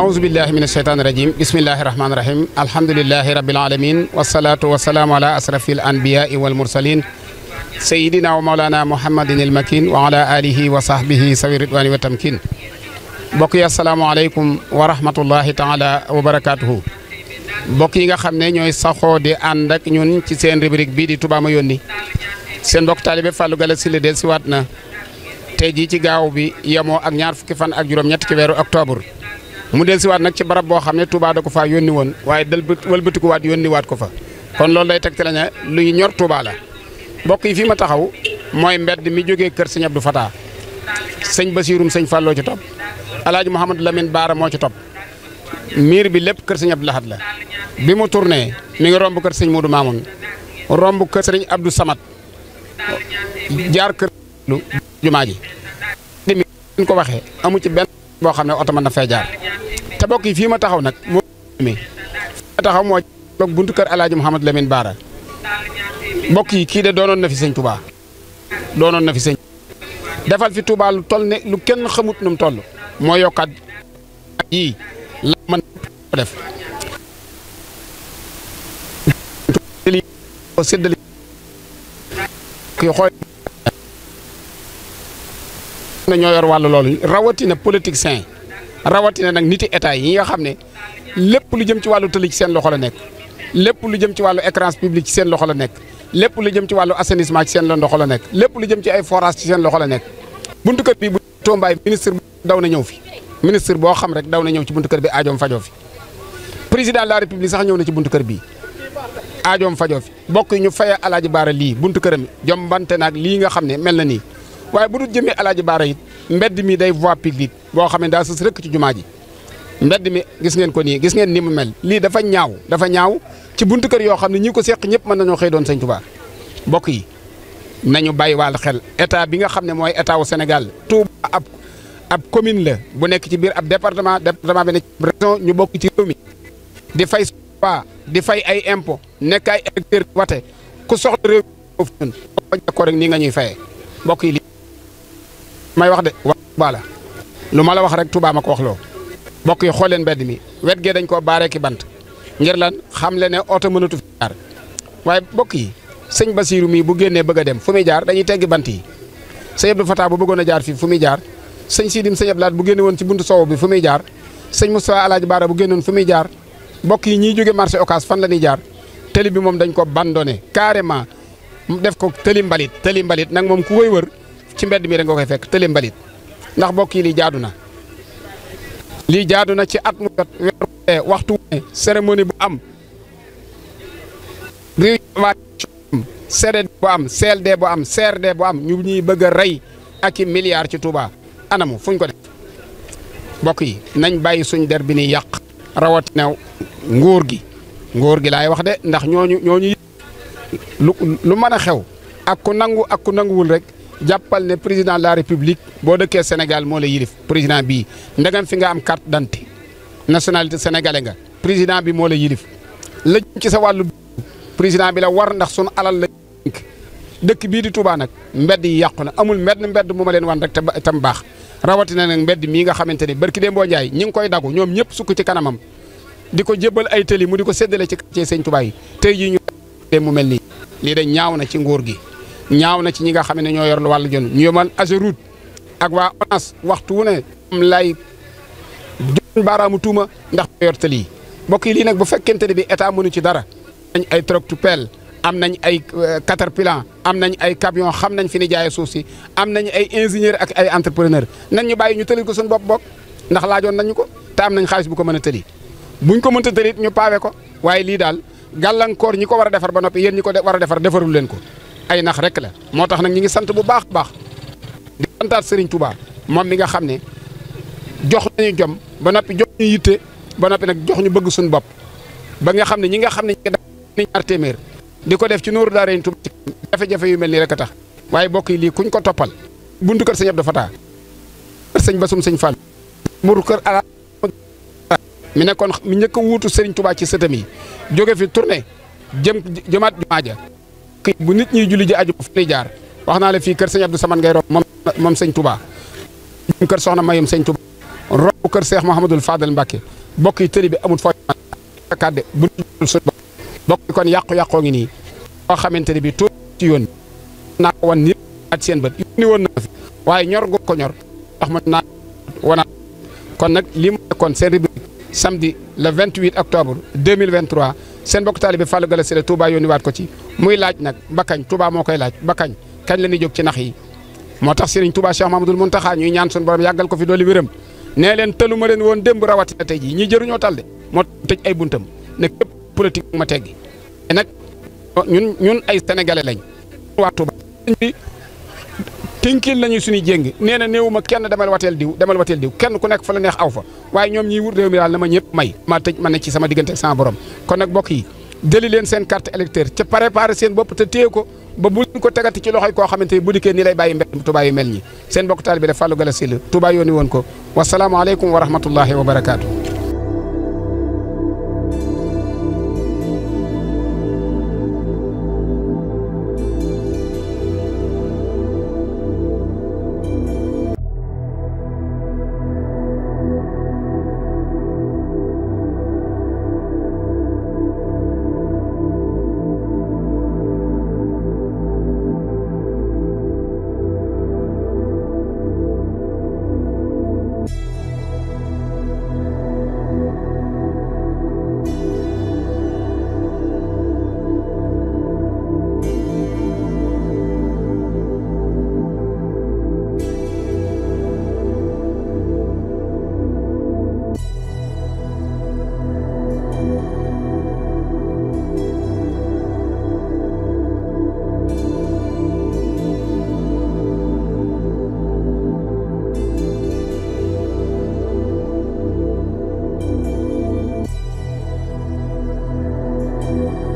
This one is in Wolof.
aousubillahi min asheytaani irajim bismillahi rahmaani rahim alhamdulilahi rabil alamin wasalaatu wasalaamu ala asrafi al anbiyai walmursalin sayidina wa maolana muhammadin il makin wa ala alihi wa sahbihi sawi ridwani wa tamkin mbokk yi asalaamaaleykum wa rahmatullahi taala wa barakatuhu mbokk yi nga xam ne ñooy saxoo di ànd ñun ci seen rubrique bii di Touba ma yónni seen mbokk taalibe Fallou Galass Syll del siwaat na tey ci gaaw bi yamoo ak ñaar fukki fan ak juróom-ñett mu dellusiwaat nag ci barab boo xam ne Touba da ko faa yónni woon waaye del waat yónniwaat ko fa kon loolu lay tegtale ne luy ñor Touba la mbokk yi fi ma taxaw mooy mbedd mi jógee kër sëñ Abdou Fatah sëñ Basiirum sëñ loo ci topp alaaji Mouhamadou Lamine Baara moo ci topp miir bi lépp kër sëñ Abdou la bi mu tourné mi ngi romb kër sëñ Modou Mamoun romb kër sëñ Abdou samat jaar kër lu jumaa ji ko waxee amu ci benn boo xam ne oto mën na fee jaar te bokk yi fii ma taxaw nag moo taxaw moo bokk buntu kër El Hadj Mouhamad Baara bokk yi kii de doonoon na fi sëñ Touba doonoon na fi sëñ defal fi Touba lu toll ne lu kenn xamut nu mu toll moo yokkaat yii la mën def séddali xool na ñoo yor wàllu loolu rawatina politique sain rawatina nag niti état yi nga xam ne lépp lu jëm ci wàllu tëli ci seen loxo la nekk lépp lu jëm ci wàllu éclairage public ci seen loxo la nekk lépp lu jëm ci wàllu assainissement ci seen loxo la nekk lépp lu jëm ci ay forage ci seen loxo la nekk buntu kër bi bu tombaay ministre daw na ñëw fi ministre boo xam rek daw na ñëw ci buntu kër bi aajoom fajoo fi président la république sax ñëw na ci buntu kër bi aajoom fajoo fi bokk ñu faye alaaji baara lii buntu këram jombante naag lii nga xam ne mel na nii waaye bu dul jëmee alaaji baara it mbedd mi day voie publique boo xam ne daa sës rëkk ci jumaa ji mbedd mi gis ngeen ko nii gis ngeen ni mu mel lii dafa ñaaw dafa ñaaw ci buntu kër yoo xam ne ñi ko seq ñëpp mën nañoo xëy doon Sëñ Tuubaa mbokk yi nañu bàyyi wàll xel état bi nga xam ne mooy état wu senegal Touba ab ab commune la bu nekk ci biir ab département département bi nekk région ñu bokk ci réew mi di fay suba di fay ay impôt nekk ay électeur wate ku soxla réew mi foofu ñun ko rek nii nga ñuy fayee mbokk yi may wax de wax Touba lu ma la wax rek Touba ma ko wax loo mbokk yi xool leen mbedd mi wet gee dañ koo baaree ki bant ngir lan xam le ne oto mënatu fi jaar mbokk yi sëñ Basiiru mii bu génnee bëgg a fu muy jaar dañuy teggi bant yi sëñ Abdou Fatah bu bëggoon a jaar fii fu muy jaar sëñ Sidim sëñ laat bu génne woon ci buntu soow bi fu muy jaar sëñ Moustapha Alaaji Baara bu génnoon fu muy jaar mbokk yi ñiy jóge marché Ocass fan la ñuy jaar tëli bi moom dañ ko bandonné carrément def ko tëli mbalit tëli mbalit nag moom ku ci mbedd mi rek nga koy fekk tële mbalit ndax mbokk yi lii jaadu na. lii jaadu na ci at mu jot weer waxtu wu bu am CDD bu am CLD bu am CRD bu am ñu ñuy bëgg a rey ak i milliards ci Touba anamu fuñ ko def mbokk yi nañ bàyyi suñ der bi ni yàq rawatina nguur gi nguur gi laay wax de ndax ñooñu ñooñu lu lu mën a xew ak ku nangu ak ku nanguwul rek. jàppal ne président la république boo dëkkee Sénégal moo la yilif président bii ndegam fi nga am carte d'identité nationalité sénégalais nga président bi moo la yilif la ci sa wàllu président bi la war ndax sunu alal la dëkk bii di Touba nag mbedd yi yàqu na amul mbedd mbedd mu ma leen wan rek te tam baax rawatina nag mbedd mii nga xamante ni barki Demba Ndiaye ñi ngi koy dagu ñoom ñëpp sukk ci kanamam di ko jébbal ay tëli mu di ko séddale ci quartier Sëñ Touba tey jii ñu mu mel ni lii de ñaaw na ci nguur gi. ñaaw na ci ñi nga xam ne ñoo yor lu wàllu jën ñu man Ageroute ak waa ONAS waxtu wu ne am lay jën baaraamu tuuma ndax yor tali yi mbokk yi lii nag bu fekkente ne bi état mënu ci dara nañ ay tractopelle am nañ ay euh, caterpillar am nañ ay camion xam nañ fi ni jaayee suuf si am nañ ay ingénieur ak ay entrepreneur nañ ñu bàyyi ñu tëlil ko suñu bopp bopp ndax laajoon nañ ko te am nañ xaalis bu ko mën a tëli buñ ko mënta tëlit ñu paawe ko waaye lii daal gàllankoor ñi ko war a defar ba noppi yéen ñi ko war a defar defarul leen ko ay nax rek la moo tax nag ñu ngi sant bu baax baax di santaat Serigne Touba moom mi nga xam ne jox nañu jom ba noppi jox ñu yitte ba noppi nag jox ñu bëgg suñ bopp ba nga xam ne ñi nga xam ne ñu ñaar téeméer di ko def ci nooru daa reen jafe-jafe yu mel nii rek tax waaye bokk yi lii kuñ ko toppal buntu kër sëñ Abdou Fatah taa sëñ Basum sëñ Fall muru kër ala mi nekkoon mi njëkk wuutu sëriñ Touba ci sëtam yi jóge fi tournée jëm jëmaat jumaa ja bu nit ñuy julli ji aju fi jaar wax naa la fii kër sëñ Abdou Samane ngay romb moom moom sëñ Touba kër soxna Mayum sëñ Touba romb kër Cheikh Mouhamadul Fadal Mbacke bokk yi tëri bi amul fooy kàdde bu ñu suñ bokk yi kon yàqu-yàqoo ngi nii boo xamante ne bi tuuti ci yoon naa ko wan nit ak seen bët yónni woon na fi waaye ñor gu ko ñor wax ma naa wana kon nag li mu nekkoon seen rubrique samedi le 28 octobre 2023 seen bokk taalibe Fallou Galassé la Touba yónni waat ko ci muy laaj nag ba kañ Touba moo koy laaj ba kañ kañ la ñuy jóg ci nax yi moo tax Serigne Touba Cheikh Mamadou Mountakha ñuy ñaan suñu borom yàggal ko fi dooli wéram nee leen tëlu ma leen woon démb rawatina tey jii ñi jëruñoo talde moo tëj ay buntam ne képp politique ma teggi nag ñun ñun ay sénégalais lañ waa Touba tënkil nañu suñu jéng nee na néewuma kenn demal wateel diw demal wateel diw kenn ku nekk fa la neex aw fa waaye ñoom ñiy wut réew mi daal na ma ñëpp may maa tëj ci sama diggante ak borom kon nag bokk yi jëli leen seen carte électeur ca préparé seen bopp te téye ko ba bu leen ko tegati ci loxoy koo xamante ni bu dikkee nii lay bàyyi mbel Tuubaa yu mel ñi seen bokk taalibe bi daf Fallou Galass woon ko wasalaamualeykum wa rahmatullahi wa barakaatu. Thank you.